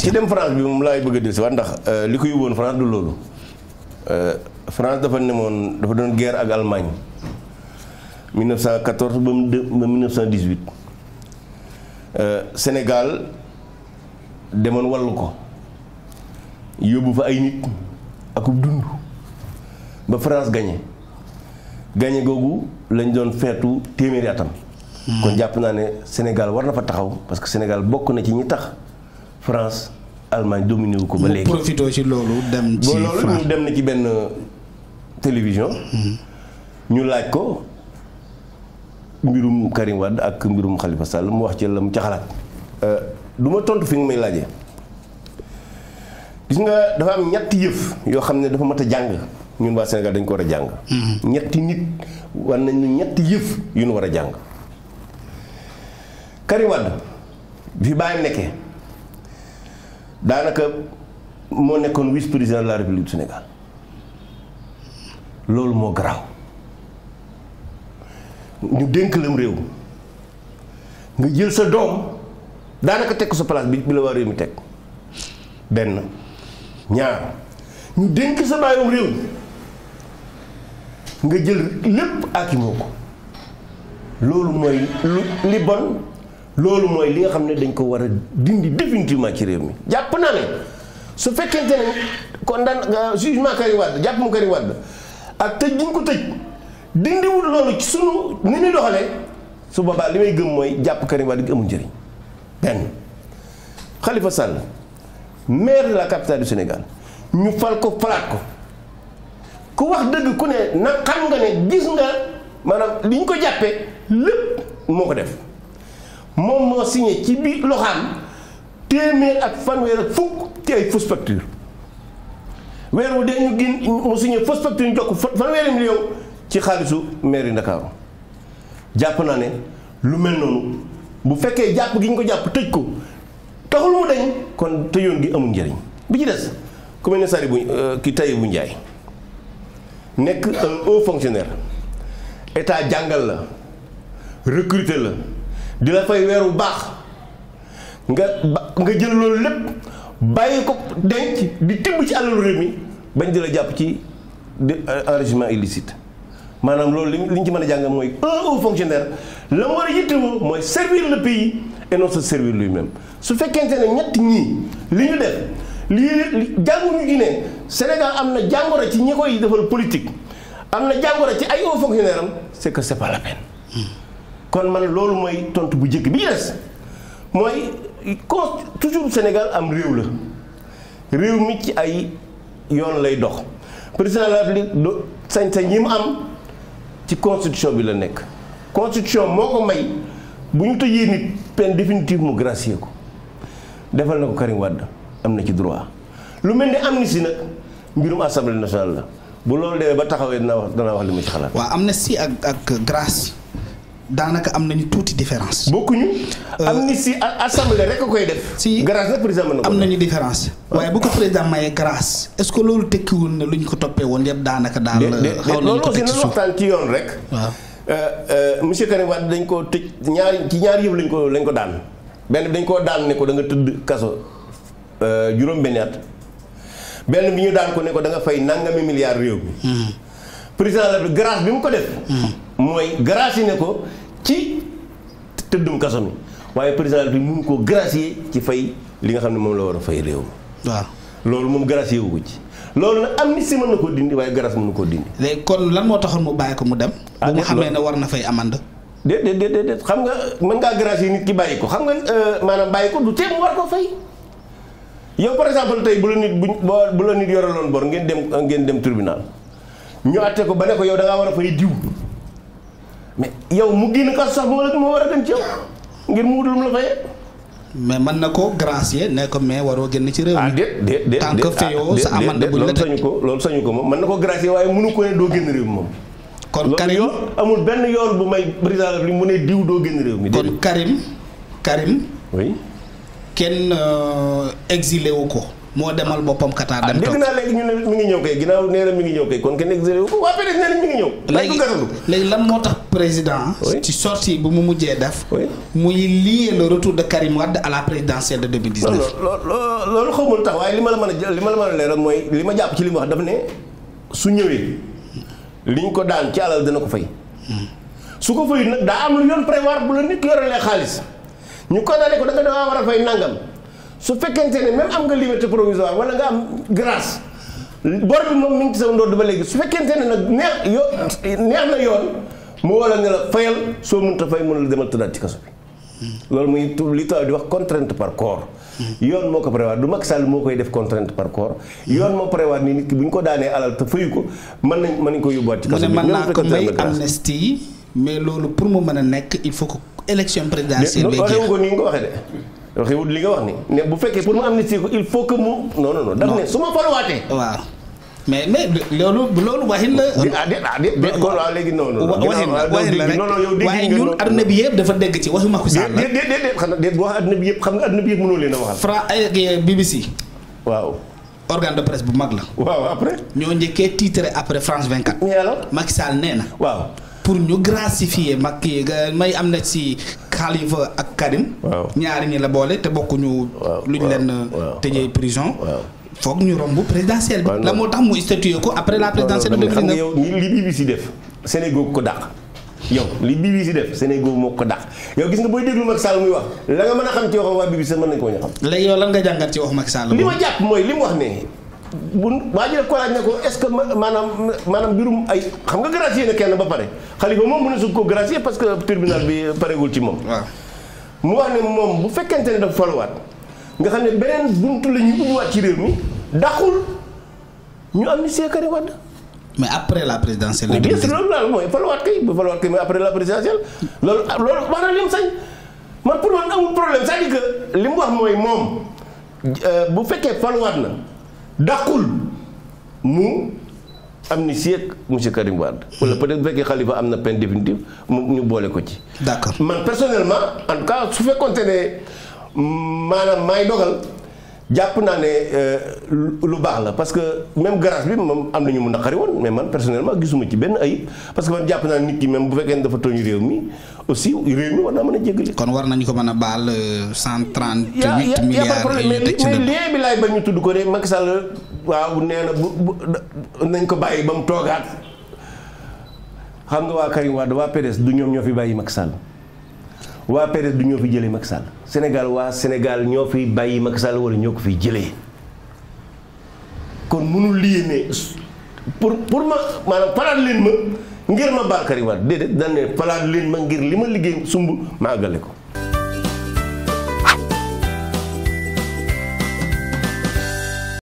ci dem France bi moom laay bëgg a dellusiwaat ndax euh, li ko yóbboon France du loolu euh, France dafa nemoon dafa doon guerre ak Allemagne 1914 euh, Sénégal demoon wallu ko yóbbu fa ay nit akub dund. ba France gagné gagné googu lañ doon feetu téeméeri atam. Hmm. kon jàpp naa ne Sénégal war na fa taxaw parce que Sénégal bokk na ci ñi tax France Allemagne dominé ko ba léegi. mu profité ci loolu dem ci France ñu na ci benn euh, télévision. Hmm. ñu laaj ko mbirum Karim Wade ak mbirum Khalifa Sall mu wax ci la mu ca xalaat. Euh, du ma tontu fi nga may laaje gis nga dafa am ñett yëf yoo xam ne dafa mat a jàng. ñun waa Sénégal dañ ko war a jàng. Mm-hmm. ñetti nit war nañu ñetti yëf yu ñu war a jàng. Karim Wade bi bàyyam nekkee daanaka moo nekkoon vice président de la république du Sénégal loolu moo garaaw ñu dénk lam réew nga jël sa doom daanaka teg ko sa place bi bi la waa réew mi teg benn ñaar ñu dénk sa bàyyam réew. nga jël lépp aakimoo ko loolu mooy lu li bon loolu mooy li nga xam ne dañ ko war a dindi définitivement ci réew mi jàpp naa ne su fekkente ne condamne euh, jugement Karim Wade jàpp mu ak tëj gi ko tëj dindiwul loolu ci sunu ni ñu doxalee su boobaa li may gëm mooy jàpp Karim Wade gi amul njëriñ benn Khalifa Sall maire de la capitale du Sénégal ñu fal ko falaat ko ku wax dëgg ku ne na xam nga ne gis nga maanaam li ñu ko jàppee lépp moo ko def moom moo signé ci biir loxaam téeméer ak fanweer ak fukk ci ay fausse weer wu dee ñu gin mu signé fausse facture ñu jokk fanweeri million ci xaalisu mairie Ndakaaru jàpp naa ne lu mel noonu bu fekkee jàpp gi ñu ko jàpp tëj ko taxul mu dañ kon tëjoon gi amul njëriñ bi ci des ku mel ne sari bu euh, ki tey bu njaay nekk un haut fonctionnaire état jàngal la recruter la di la fay weer bu baax nga ba nga jël loolu lépp bàyyi ko denc di tibb ci alalu réew mi bañ di la jàpp ci de euh, enrichissement illicite maanaam loolu li li ñu ci mën a jàng mooy un haut fonctionnaire la mu war a yittewoo mooy servir le pays et non se servir lui-même su fekkente ne ñett ñii li ñu def. lii jànguñu ñu ne Sénégal am na jàngoro ci ñi koy defal politique am na jàngoro ci ay hauts fonctionnaires c'est que c'est pas la peine. kon man loolu mooy tontu bu njëkk bi ñu mooy con toujours Sénégal am réew la réew mi ci ay yoon lay dox président de la République do sañ-sañ yi mu am ci constitution bi la nekk. constitution moo ko may bu ñu tëjee nit peine définitive mu gracier ko defal na ko Karim Wade. am na ci droit lu mel ni am si nag mbirum assemblée nationale la bu loolu demee ba taxawee dana wax danaa wax li ma ci xalaat. waa am na ak grâce daanaka am nañu tuuti différence. bokkuñu. Euh, amnistie assemblée rek a koy def. si grâce am président mën na ñu am nañu différence. Ah. waaye bu ko président mayee grâce est-ce que loolu tekkiwul ne lu ñu ko toppee woon yëpp daanaka. daal euh, xaw nañu ko teg ci suuf ci yoon rek. waaw euh, monsieur Karim dañ koo tëj ñaari ci ñaari yëpp lañ ko lañ ko daan benn bi dañ koo daan ne ko da nga tëdd kaso. Euh, juróom-benni benn bi ñu daan ko ne ko da nga fay nangami milliards réew mi. Hmm. président la grâce bi mu ko def. Hmm. mooy grâce yi ne ko ci tëddum kaso mi waaye président bi mun koo gracier ci fay li nga xam ne moom la war a fay réew mi. waaw loolu moom gracier wu ko ci. loolu nag amnistie mën na koo dindi waaye grâce mën na koo dindi. léegi kon lan moo taxoon mu bàyyi ko mu dem. ah bu nga xamee ne war na fay amande. déedéet déedéet xam nga mën ngaa gracier nit ki bàyyi ko xam nga euh, maanaam bàyyi du tee mu yow par exemple tey bu la nit bu bu la nit yoraloon bor ngeen dem ngeen dem tribunal ñu àtte ko ba ne ko yow da ngaa war a fay diw mais yow mu génn kaso sax moo la moo war a ci yow ngir mu la fayee. mais mën na ko gracier ne ko mais waroo génn ci réew mi. ah déet déet déet tant que ah, sa amande ko loolu sañu ko moom mën na ko gracier waaye mënu ko ne doo génn réew moom. kon Karim amul benn yoon bu may président li mu ne diw doo génn réew mi. kon Karim Karim. kenn euh, exilé wu ko moo demal boppam Qatar dem toog dégg naa léegi ñu ne mi ngi ñëw kay ginnaaw nee na mi ngi ñëw kay kon kenn exilé ko waa PDS nee na mi ngi ñëw. léegi léegi lan moo tax président. ci sortie bu mu mujjee def. muy lié le retour de Karim Wade à la président de 2019. non non loolu xamul tax waaye li ma la mën a li ma la mën a leeral mooy li ma jàpp ci li mu wax daf ne su ñëwee liñ ko daan ci alal dina ko fay. Hmm. su ko fay nag daa am lu yoon prévoir bu la nit yoralee xaalis. ñu condamné ko da nga daa ah war a fay nangam su fekkente ne même am nga liberté provisoire wala nga am grâce bor bi moom mi ngi ci sa léegi su fekkente ne nag neex yo neex na yoon mu wala nga la fayal soo mënta fay mën la demal tëddaat ci kaso bi. loolu muy li taw di wax contrainte par corps. yoon moo ko prévoir du Macky Sall moo koy def contrainte par corps. yoon moo prévoir ni nit ki bu ñu ko daanee alal te fayu ko mën nañ mën nañ ko yóbbuwaat. ci kaso bi mën naa ko may amnistie mais loolu pour mu mën a nekk il faut que. élection présidentielle. mais waxewu nga ko de waxewul bu fekkee pour mu amnistie ko il faut que mu. non non non su ma faluwaatee. waaw mais mais loolu loolu waxin la. ah déet ah kon waaw léegi non non. waxin la waxin la rek waaye ñun adduna bi yëpp dafa dégg ci waxu Macky Sall la. déet déet bu mag la. waaw après. ñoo njëkkee titre après France 24. mais alors Macky nee na. waaw. pour ñu gracifier mag kii may am na si Khalifa ak Karim. waaw ñaari ñi la boole te bokkuñu. waaw lu ñu leen euh, tëjee prison. foog ñu romb présidentielle bi. la moo tax mu statué ko après la présidentielle bi. xam nga yow li si def Sénégal ko dàq. yow li BBC def Sénégal moo ko dàq yow gis nga booy déglu Macky Sall muy wax la nga mën a xam ci waxam waa BBC mën nañu ko ñu xam. léegi yow lan nga jàngat ci waxu Macky li ma jàpp mooy li mu wax ne. bu waa ji def ko laaj ne ko est-ce que maanaam maanaam mbirum ay xam nga gracier na kenn ba pare xalifa moom mën na su ko gracier parce que tribunal bi paregul ci moom mu wax ne moom bu fekkente ne dafa faluwaat nga xam ne beneen buntu la ñu ubbiwaat ci réew mi daxul ñu am ni seekari wadd mais après la présidentielle. mais bien sûr loolu daal mooy faluwaat kay bu faluwaat kay mais après la présidentielle loolu loolu maanaam li mu sañ man problème c'est-à-dire mooy moom euh, bu fekkee faluwaat na. dàqul mu am ni amnistie ak monsieur Karim Wade. wala hmm. peut-être bu fekkee Khalifa am na peine définitive mu ñu boole ko ci. d'accord man personnellement en tout cas su fekkoonte ne maanaam maay dogal. jàpp naa ne euh, lu baax la parce que même garage bi moom am na ñu a naqari woon mais man personnellement gisuma ci benn ayib parce que man jàpp naa nit ki même bu fekkee ne dafa tooñ réew mi aussi réew mi war naa mën a jégali. kon war nañu ko mën a baal euh, cent trente huit milliards mais lien bi laay ba ñu tudd ko de Macky waaw nee na bu bu nañ ko bàyyi ba mu toogaat xam nga waa Karim Wade waa PDS du ñoom ñoo fi bàyyi Macky waa PDS du ñoo fi jëlee Macky Sall Sénégal waa Sénégal ñoo fi bàyyi Macky Sall wala ñoo ko fi jëlee kon mënul lii ne pour pour ma maanaam palaat leen ma ngir ma baal Karim Wade déedéet daan ne palaat leen ma ngir li ma liggéey sumb ma àggale ko.